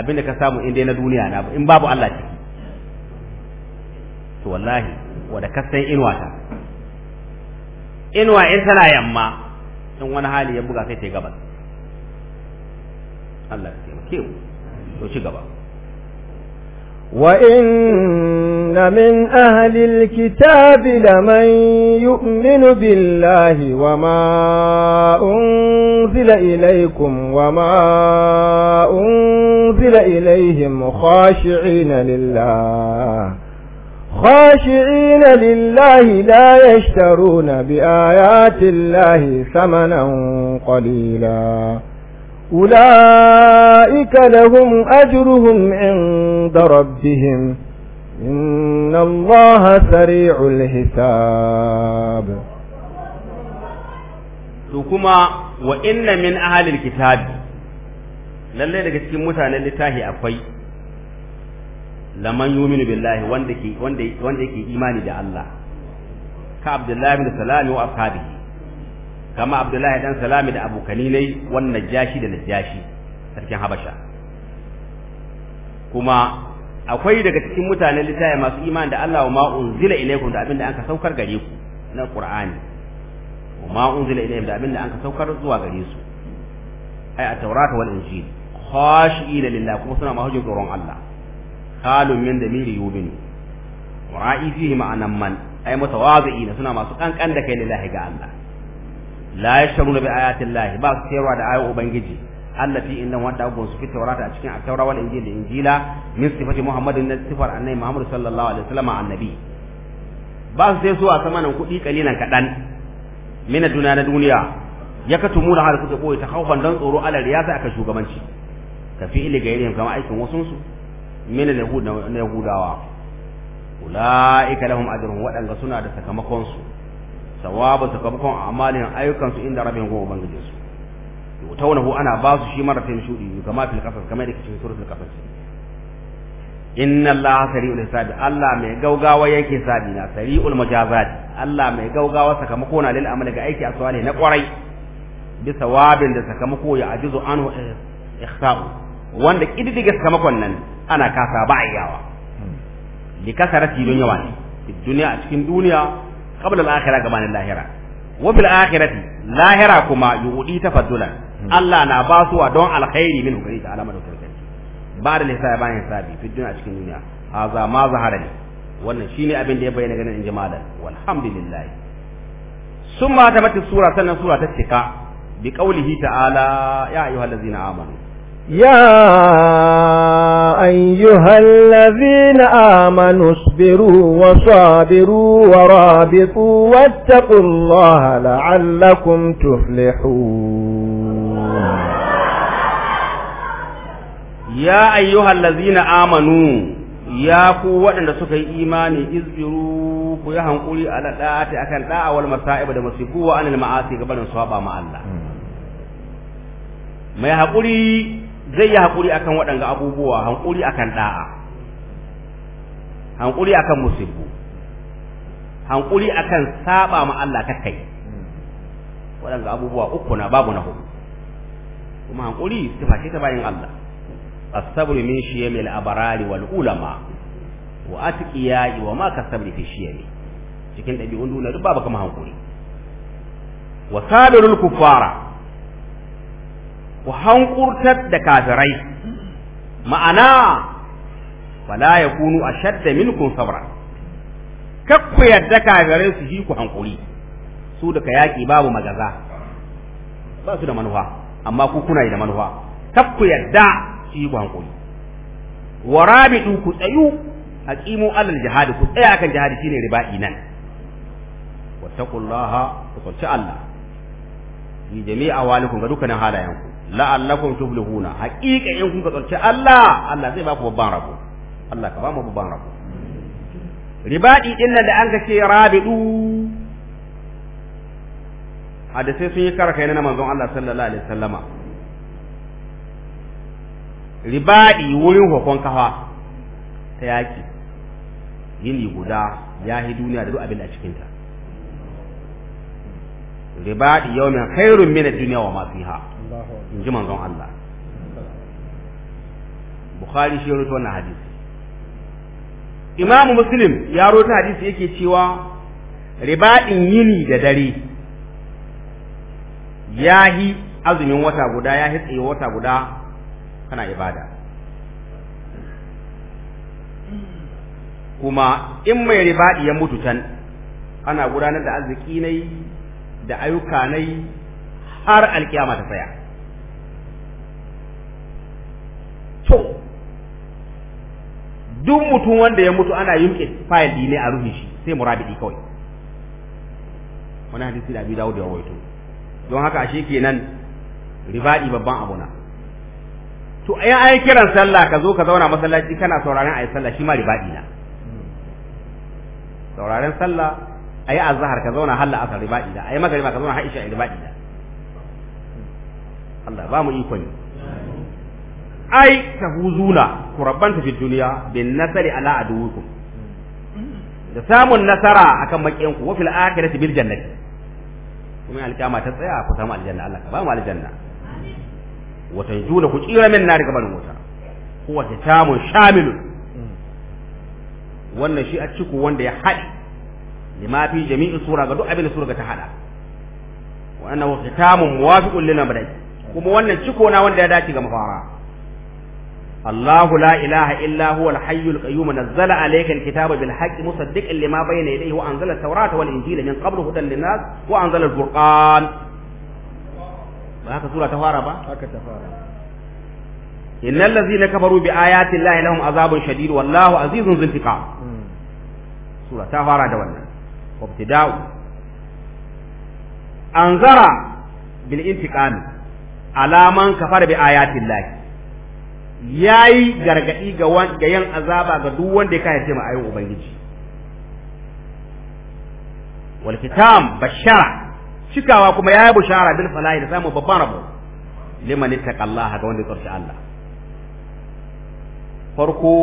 abinda ka samu in na duniya na in babu Allah ciki to wallahi wadda ka inuwa ta inuwa in tana yamma in wani hali ya buga sai ta yi gabas Allah ya taimake mu to ci gaba wa in na min ahalil kitabi da man yu'minu billahi wa ma unzila ilaikum wa ma unzila ilaihim khashi'ina lillah خاشعين لله لا يشترون بآيات الله ثمنا قليلا أولئك لهم أجرهم عند ربهم إن الله سريع الحساب kuma wa inna min ahalil kitabi lalle daga cikin mutanen littafi akwai laman yuminu billahi wanda ke wanda wanda yake imani da Allah ka Abdullahi bin Salami wa ashabihi kama Abdullahi dan Salami da abokani ne wannan jashi da najashi sarkin Habasha kuma akwai daga cikin mutanen littaya masu imani da Allah wa ma unzila ilaikum da abin da anka saukar gare ku na Qur'ani wa ma unzila ilaihim da abin da anka saukar zuwa gare su ai at-taurata wal injil khashina lillah kuma suna mahujin tsoron Allah kalun min da miri yubin ra'i fihi ma'anan man ay mutawazi'ina suna masu kankan da kai lillahi ga Allah la yashruna bi ayati lahi ba su sayarwa da ayoyin ubangiji allati inna wanda gon su fita warata a cikin at wal injil injila min sifati muhammadin na sifar annabi muhammad sallallahu alaihi wasallam annabi ba su sai su a samanan kudi kalilan kaɗan mina duna na duniya ya ka tumu da har kuke koyi ta kaufan don tsoro ala riyasa aka shugabanci ka fi ili gairin kama aikin wasunsu su min al-yahud na yahudawa ulaika lahum ajrun wadanga suna da sakamakon su sawabu sakamakon amalin ayyukan su inda rabbihim go ubangijin su yutawnahu ana ba shi maratin shudi kama fil qasas kama da cikin suratul qasas inna allaha sari'ul hisabi allah mai gaugawa yake sabi na sari'ul mujazat allah mai gaugawa sakamako na lil amali ga aiki aswali na kwarai bi sawabin da sakamako ya ajizu anhu eh, ihsa'u wanda kididdiga sakamakon nan ana kasa ba a yawa li kasarati don yawa ne duniya a cikin duniya qabla al-akhirah gabanin lahira wa bil akhirati lahira kuma yudi tafaddulan Allah na ba su wa don alkhairi min hukari ta alama da sarki ba da lisa bayan hisabi fi duniya a cikin duniya haza ma zahara ne wannan shine abin da ya bayyana ganin inji malam walhamdulillah summa tamat sura sannan sura ta cika bi qaulihi ta'ala ya ayyuhallazina amanu يا أيها الذين آمنوا اصبروا وصابروا ورابطوا واتقوا الله لعلكم تفلحون يا أيها الذين آمنوا يا قوة أن تسكي إيماني اصبروا ويهن قولي على الآت أكن لا أول مسائب دمسكوا وأن المعاصي قبل أن صحابة مع الله ما يحقولي zai yi hakuri akan waɗanga abubuwa hankuri akan da'a hankuri akan musibbu hankuri akan saba ma Allah kakai waɗanga abubuwa uku na babu na hudu kuma hankuri sifa ce ta bayan Allah as-sabru min shiyamil abarari wal ulama wa yi wa ma kasabri fi shiyami cikin dabi'un duniya duk babu kama hankuri wa sadirul kufara ku hankurtar da kafirai ma'ana wala a ashadda minkum sabra kak ku yadda kafirai su ji ku hankuri su daga yaƙi babu magaza ba su da manufa amma ku kuna da manufa kak ku yadda su yi ku hankuri rabidu ku tsayu aqimu alal jihad ku tsaya kan jihad shine riba'i nan wattaqullaha ku tsaci Allah Ni jami'a walikum ga dukkanin halayenku la'allakum tuflihuna haqiqa in kun tsanci Allah Allah zai baku babban rabo Allah ka ba mu babban rabo ribadi din da an ga ce rabidu sai sun yi karkai na manzon Allah sallallahu alaihi wasallama ribadi wurin hukun kafa ta yaki yini guda ya hi duniya da duk abin da cikin ta ribadi yawmin khairun min ad-dunya wa ma fiha in ji manzon Allah Bukhari shi ya wannan hadisi Imam Muslim ya rawaito hadisi yake cewa riba'in yini da dare yahi azumin wata guda yahi tsaye wata guda kana ibada kuma in mai ribaɗi ya mutu can ana gudanar da arziki nai da ayyuka nai har alkiyama ta tsaya duk mutum wanda ya mutu ana yunke fayil ne a ruhin shi sai murabidi kawai wani hadisi da abi dawo da rawaito don haka ashe kenan ribadi babban abu na to ayan ayi kiran sallah ka zo ka zauna masallaci kana sauraron ayi sallah shi ma ribadi na sauraron sallah ayi azhar ka zauna halla asar ribadi da ayi magariba ka zauna haisha ribadi da Allah ba mu ikon ai huzuna ku ta fi duniya bin nasari ala aduwikum da samun nasara akan makiyanku wa fil akhirati bil jannati kuma alkama ta tsaya ku samu aljanna Allah ka ba mu aljanna wa tanjuna ku tsira min nari gaban wuta huwa hitamun shamilun wannan shi a ciku wanda ya haɗe lima fi jami'in sura ga duk abin da sura ga ta haɗa wa annahu hitamun muwafiqun lil mabda'i kuma wannan ciko na wanda ya dace ga mafara الله لا إله إلا هو الحي القيوم نزل عليك الكتاب بالحق مصدقا لما بين يديه وأنزل التوراة والإنجيل من قبل هدى للناس وأنزل الفرقان هكذا سورة تفارة هكذا تفارة إن الذين كفروا بآيات الله لهم عذاب شديد والله عزيز ذو انتقام سورة تفارة دولنا وابتداء أنذر بالانتقام على من كفر بآيات الله yayi gargadi ga ga yan azaba ga duk wanda ya kai ce ma ubangiji wal kitam bashara cikawa kuma yayi bashara bil falahi da samu babban rabo liman ittaqallaha ga wanda ya tsarci Allah farko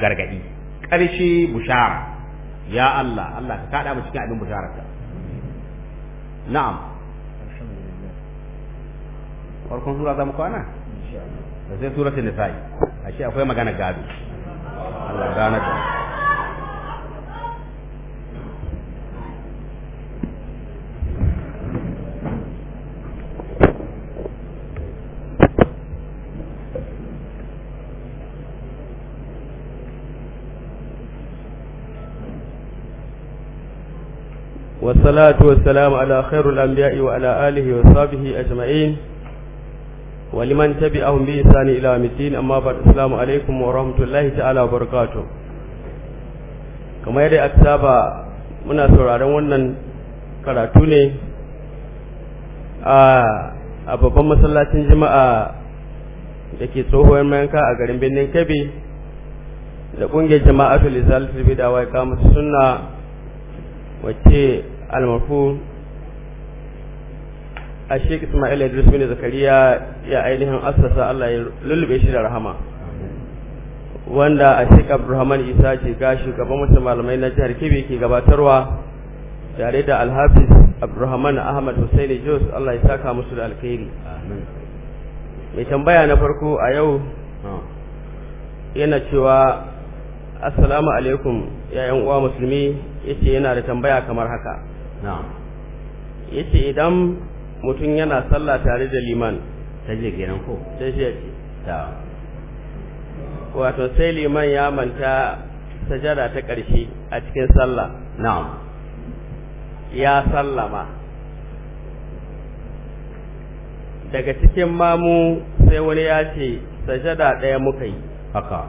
gargadi ƙarshe bushara ya Allah Allah ka kada mu cikin abin bushararka na'am farkon sura zamu kwana sai suratul nisa'i ashe akwai magana gado Allah gana والصلاة والسلام على خير الأنبياء وعلى آله وصحبه أجمعين waliman tabi ahun bi isani ila mitin amma ba da salamu alaikum wa rahmatullahi ta'ala wa barakatu kamar yadda aka saba muna sauraron wannan karatu ne a babban masallacin jima'a da ke tsohuwar mayanka a garin birnin kabi da kungiyar jama'a su lissafi da waika masu suna wacce almarfu a shek Ismail Idris bin Zakariya ya ainihin assasa Allah ya lullube shi da rahama wanda a shek Abdulrahman Isa ce ga shugaban wasu malamai na jihar Kebe ke gabatarwa tare da Alhafiz Abdulrahman Ahmad Hussaini Jos Allah ya saka musu da alkhairi mai tambaya na farko a yau ah. yana cewa assalamu alaikum yayan uwa musulmi yace yana da tambaya kamar haka yace idan mutum yana sallah tare da liman ta je ko sai shi ta wato sai liman ya manta sajada ta ƙarshe a cikin sallah na'am ya sallama daga cikin mamu sai wani ya ce sajada ɗaya muka yi haka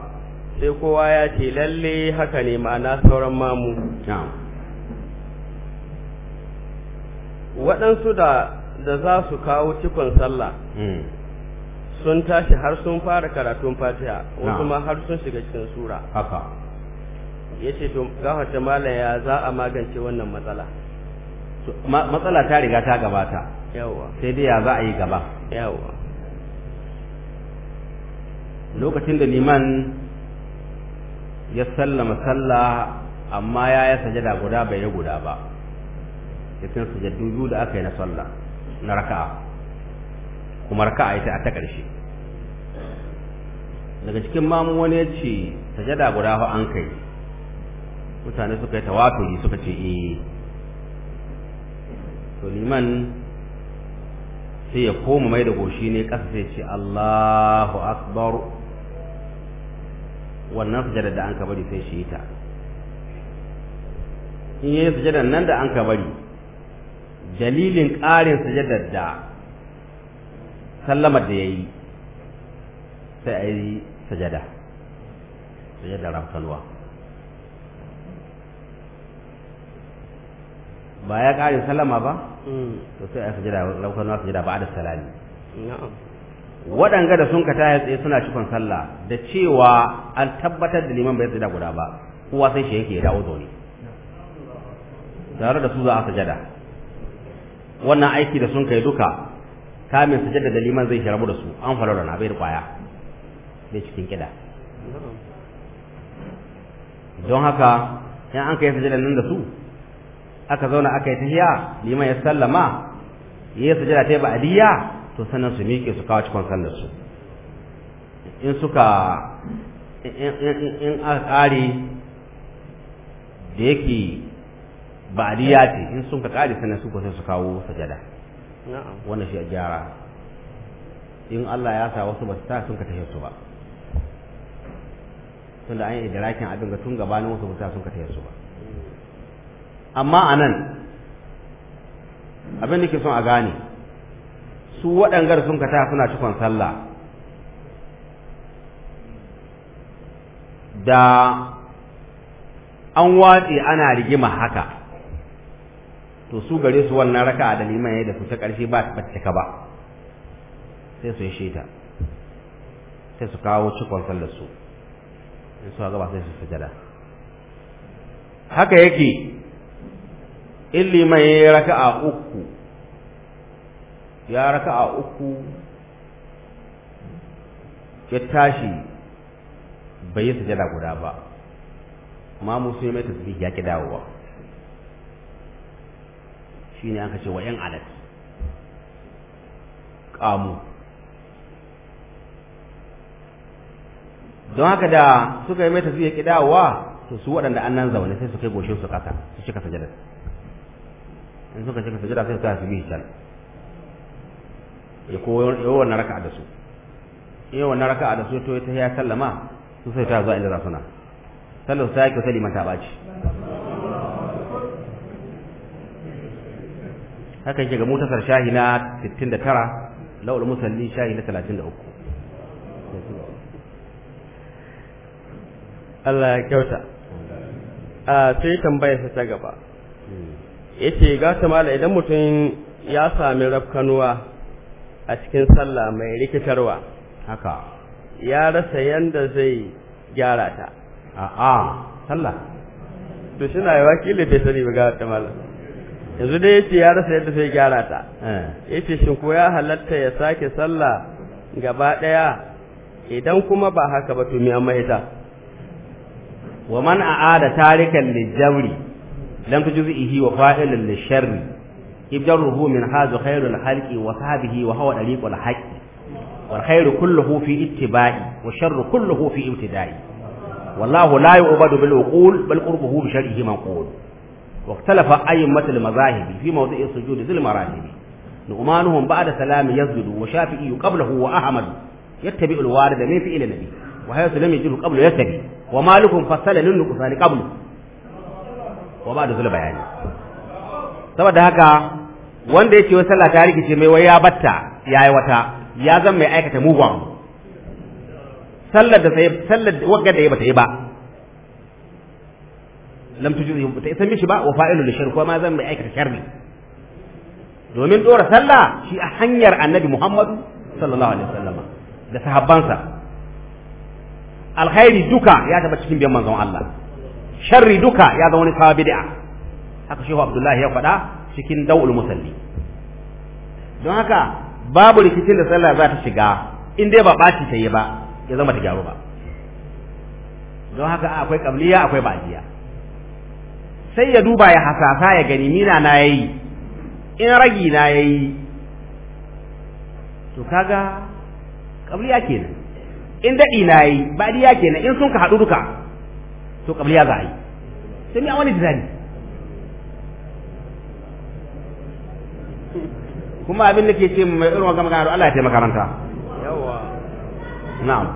sai kowa ya ce lalle haka ne ma'ana sauran mamu na'am waɗansu da da za su kawo cikon sallah hmm. sun tashi har sun fara karatun fatiha wasu ma har sun shiga cikin sura haka yace to gafata mala ya za a magance wannan matsala matsala ta riga ta gabata yawa sai dai ya za a yi gaba yawa lokacin da liman ya sallama sallah amma ya yi sajada guda bai yi guda ba cikin sujadu biyu da aka yi na sallah na raka'a kuma raka'a ita a ta ƙarshe daga cikin mamu wani ya ce sajada guda fa an kai mutane suka yi tawafiri suka ce eh to liman sai ya koma mai da goshi ne ƙasa sai ce Allahu akbar wannan sujada da an ka bari sai shi ta in yayi sujada nan da an ka bari dalilin ƙarin sujadar da sallamar da ya yi sai a yi sujada sujada ramkalwa ba ya ƙarin sallama ba mm. to sai a yi sujada ramkalwa sujada ba da salami waɗanga da sun ka taya tsaye suna cikin sallah da cewa an tabbatar da liman bai sujada guda ba kowa sai shi yake ya dawo zaune tare da su za a sujada wannan aiki da sun kai duka kamin su jaddada liman zai sharabu da su an fara da bai da kwaya bai cikin kida don haka in an kai sujada nan da su aka zauna aka yi tahiya liman ya sallama ya yi sujada ta yi ba'adiyya to sannan su miƙe su kawo cikon sallar su in suka in aka ƙare da yake ba'diya ce in sun ka kare sanan su ko sai su kawo sajada na'am wannan shi a jara in Allah ya sa wasu ba su ta sun ka tafi su ba tunda an yi idrakin abin ga tun gabanin wasu ba sun ka tafi su ba amma anan abin da ke son a gane su waɗangar sun ka ta suna cikon sallah da an watse ana rigima haka to su gare su wannan raka'a da liman yayi da su ta ƙarshe ba ta cika ba sai su yi sheta sai su kawo cikon sallar su in su gaba sai su sujada haka yake in liman raka raka'a uku ya raka'a uku ya tashi bai yi sujada guda ba amma musu yi mai tasbih ya ki dawowa ne an ce wa yan alat ƙamu don haka da suka yi mai tafiya kidawa to su waɗanda an nan zaune sai su kai goshe su ƙasa su cika sajada in suka cika sajada sai su su bi can ya koyo yawan na raka'a da su yawan na raka'a da su to ta ya sallama su sai ta zuwa inda za suna sallu sai ka salima ta baci haka yake ga mutasar shahi na 69 laul musalli shahi na 33 Allah ya kyauta a sai tambayar ta gaba yace ga tamala idan mutum ya sami rafkanuwa a cikin sallah mai rikitarwa haka ya rasa yanda zai gyara ta a sallah to shi na yi wakili bai sani ba ga tamala yanzu dai yace ya rasa yadda ya gyara ta eh, yace shin ko ya halatta ya sake sallah gaba daya idan kuma ba haka ba to me amma ita wa man aada tarikan lijawri lam tujzihi wa fa'ilan lisharri ibdaruhu min hadha khairul halqi wa sahbihi wa huwa dariqul haqqi wa khairu kulluhu fi ittiba'i wa sharru kulluhu fi imtida'i wallahu la yu'badu bil uqul bal qurbuhu bi sharrihi manqul واختلف أئمة المذاهب في موضع السجود ذي المراتب نعمانهم بعد سلام يسجد وشافعي قبله وأحمد يتبع الوارد من فعل النبي وحيث لم يجده قبله يتبع ومالك فصل للنقصان قبله وبعد ذل بيان saboda haka wanda yake wa sallah ta rikice mai wai ya batta yayi wata ya zan mai aikata mugun sallar da sai sallar wagga da ya bata yi ba lam tujuzi ta isa mishi ba wa fa'ilu li ko ma zan mai aikata sharri domin dora sallah shi a hanyar annabi Muhammadu sallallahu alaihi wasallam da sahabbansa alkhairi duka ya taba cikin biyan manzon Allah sharri duka ya zama wani kawa bid'a haka shehu Abdullahi ya faɗa cikin daul musalli don haka babu rikicin da sallah za ta shiga in dai ba ɓaci ta yi ba ya zama ta gyaru ba don haka akwai kamliya akwai ba'diya sai ya duba ya hasasa ya gani mina na yayi in ragi na yayi to kaga kabliya kenan in dadi na yayi badiya kenan in sun ka hadu duka to kabliya za a yi sai mi a wani dizani kuma abin da ke ce mai irin wa magana Allah ya taimaka ranta yawa na'am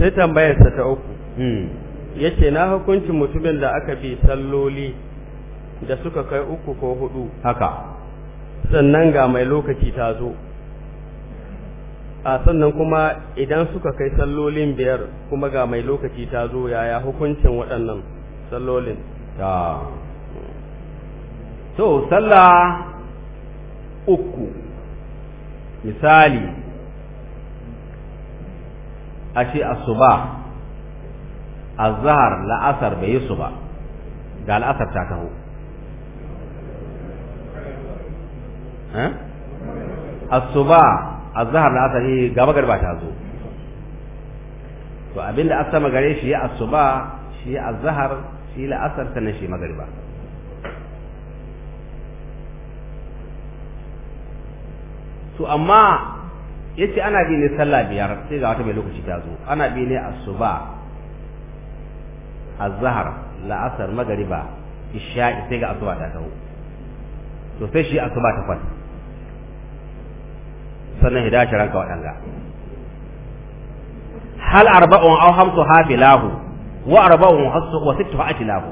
sai tambayar ta uku hmm. yace na hukuncin mutumin da aka bi salloli da suka kai uku ko hudu haka sannan ga mai lokaci ta zo a sannan kuma idan suka kai sallolin biyar kuma ga mai lokaci ta zo yaya hukuncin waɗannan sallolin ta so sallah uku misali ashe asuba azhar la'asar bai yi su ba ga al'asar ta taho eh? asuba azhar la'asar yi eh, gaba garba ta zo to abinda asama gare shi ya asuba shi azhar shi la'asar sannan shi magriba to amma yace ana bi ne sallah biyar sai ga wata mai lokaci ta zo ana bi ne asuba azhar la'asar magariba isha'i sai ga asuba ta kawo to sai shi asuba ta kwan sannan hidaya shi ranka waɗanga hal arba'un aw hamsu hafilahu wa arba'un wa sittu ha'atilahu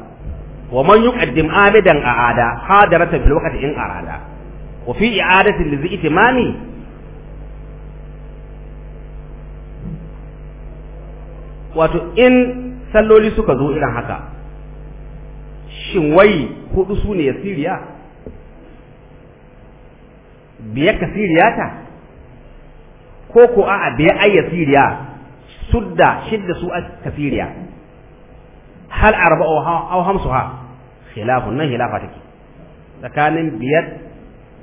wa man yuqaddim amidan a'ada hadaratan fil waqti in arada wa fi i'adati lizi itimami wato in salloli suka zo irin haka shin wai hudu su ne yasiriya biyar kasiriya ta ko ko a'a biyar ai yasiriya sudda shidda su a kasiriya hal arba au hamsu ha khilafun nan khilafa take tsakanin biyar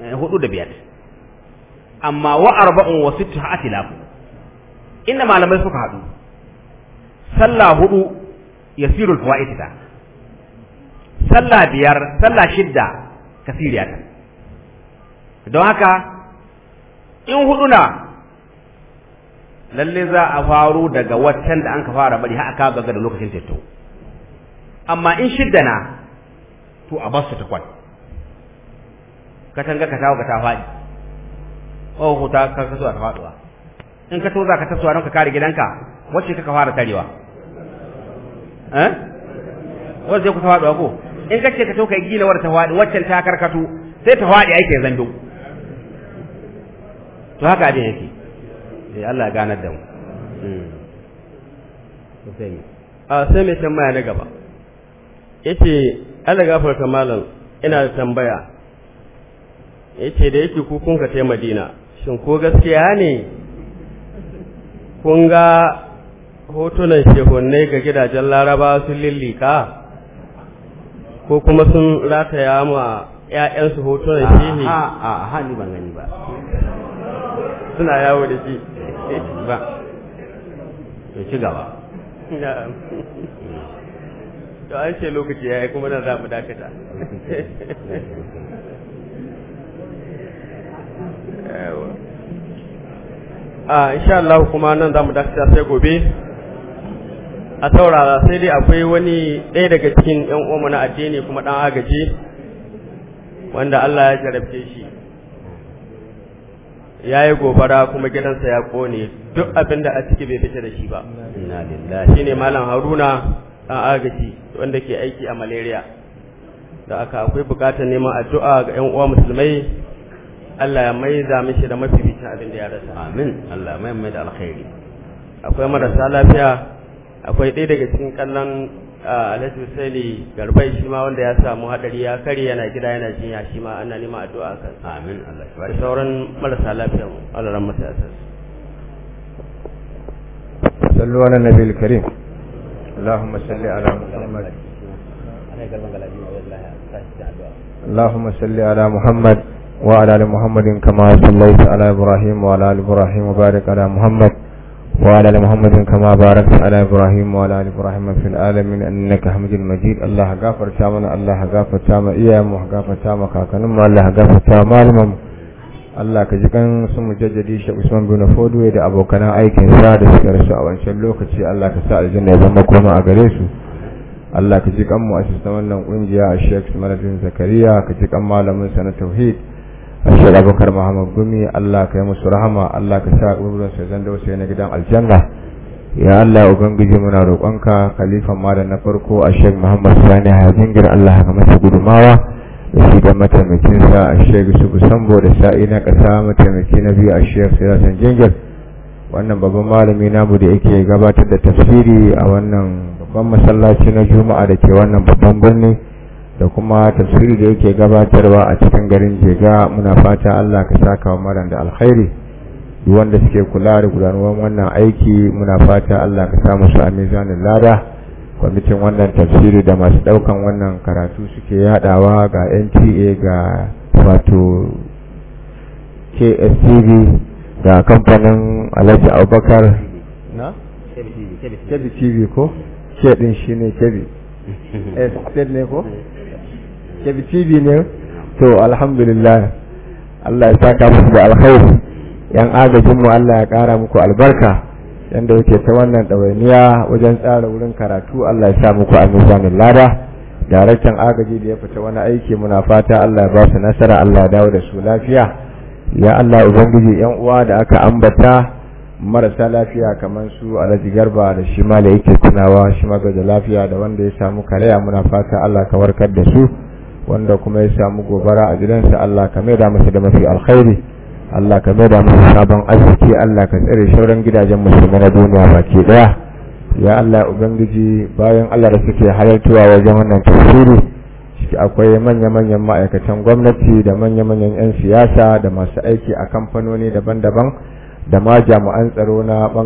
eh, hudu da biyar amma wa arba'un wa sittu ha atilafu inda malamai suka haɗu sallah hudu yasirul fawaid ta sallah biyar sallah shidda kasiriya ta don haka in hudu na lalle za a faru daga waccan da an ka fara bari har aka ga da lokacin tattau amma in shidda na to a basu ta kwan katanga ka tawo ka ta faɗi oh ta ka ka zuwa ta faɗuwa in ka to za ka tasowa don ka kare gidanka wacce ka fara tarewa Eh? wanda zai kusa faɗuwa ko in ka ce ka to kai gila war ta faɗi waccan ta karkato sai ta faɗi ake zando. to haka abin yake sai eh, Allah ya ganar da mu hmm. sai a sai mai tambaya na gaba yace Allah gafarta malam ina da tambaya yace da yake ku kun ka tai Madina shin ko gaskiya ne kun ga hotunan shehunai ga gidajen laraba sun lillika ko kuma sun rataya ma ‘ya'yansu hotunan shehi a hannu ban gani ba suna yawo da shi ba da ci gaba to an ce lokaci ya yi kuma nan zamu dakata a ah, insha Allah kuma nan zamu dakata sai gobe a saurara sai dai akwai wani ɗaya daga cikin ‘yan uwanmu na addini kuma ɗan agaji wanda Allah ya jarabce shi ya yi gobara kuma gidansa ya ƙone duk abin da a ciki bai fita da shi ba shi ne malam haruna ɗan agaji wanda ke aiki a malaria da aka akwai buƙatar neman addu'a ga ‘yan uwa musulmai Allah ya mai za mishi da mafificin abin da ya rasa. Amin. Allah ya mai da alkhairi. Akwai marasa lafiya akwai ɗaya daga cikin kallon alhaji husaini garbai shi ma wanda ya samu hadari ya kare yana gida yana jinya shi ma ana neman addu'a kan amin Allah ya sauran marasa lafiya mu Allah ran masa yasa sallu ala nabiyil karim اللهم صل على محمد اللهم صل على محمد وعلى ال محمد كما صليت على ابراهيم وعلى ال ابراهيم وبارك على محمد وعلى ال محمد كما باركت على ابراهيم وعلى ال ابراهيم في العالمين انك حميد مجيد الله غفر تامنا الله غفر تام ايام غفر تام كاكنم الله غفر تام مالمم Allah ka ji kan su mujaddadi shi Usman bin Fodwe da abokan aikin da suka rasu a wancan lokaci Allah ka sa aljanna ya zama koma a gare su Allah ka ji kan mu a wannan kungiya a Zakariya ka ji kan na tauhid Sheikh Abubakar Muhammad Gumi Allah ka yi musu rahama Allah ka sa gurbin su zan dawo na gidan aljanna ya Allah ubangiji muna roƙonka khalifan ma na farko a Sheikh Muhammad Sani zingir Allah ka masa gudumawa da shi da mataimakinsa a Sheikh Sambo da sa'i na ƙasa mataimaki na biyu a Sheikh Sirasan Jingir wannan babban malami namu da yake gabatar da tafsiri a wannan babban masallaci na Juma'a da ke wannan babban birni da kuma tafsiri da yake gabatarwa a cikin garin jega muna fata Allah ka saka wa maran da alkhairi wanda suke kula da gudanarwar wannan aiki muna fata Allah ka sa musu a lada kwamitin wannan tafsiri da masu daukan wannan karatu suke yadawa ga NTA ga wato KSTV ga kamfanin Alhaji Abubakar na Kebi TV ko ke shi ne kebi eh ne ko eh. tv ne to alhamdulillah Allah ya saka muku da alkhairi yan agajin mu Allah ya kara muku albarka yanda yake ta wannan ɗawainiya wajen tsara wurin karatu Allah ya sa muku a mizanin lada daraktan agaji da ya fita wani aiki muna fata Allah ya ba su nasara Allah ya dawo da su lafiya ya Allah ubangiji yan uwa da aka ambata marasa lafiya kamar su alhaji garba da shi da yake tunawa shi ma da lafiya da wanda ya samu karaya muna fata Allah ka warkar da su wanda kuma ya samu gobara a gidansa Allah ka maida masa da mafi alkhairi Allah ka maida masa sabon arziki Allah ka tsare sauran gidajen musulmai na duniya baki daya ya Allah ubangiji bayan Allah da suke halartuwa wajen wannan tafsiri shi akwai manya-manyan ma'aikatan gwamnati da manya-manyan 'yan siyasa da masu aiki a kamfanoni daban-daban da ma jami'an tsaro na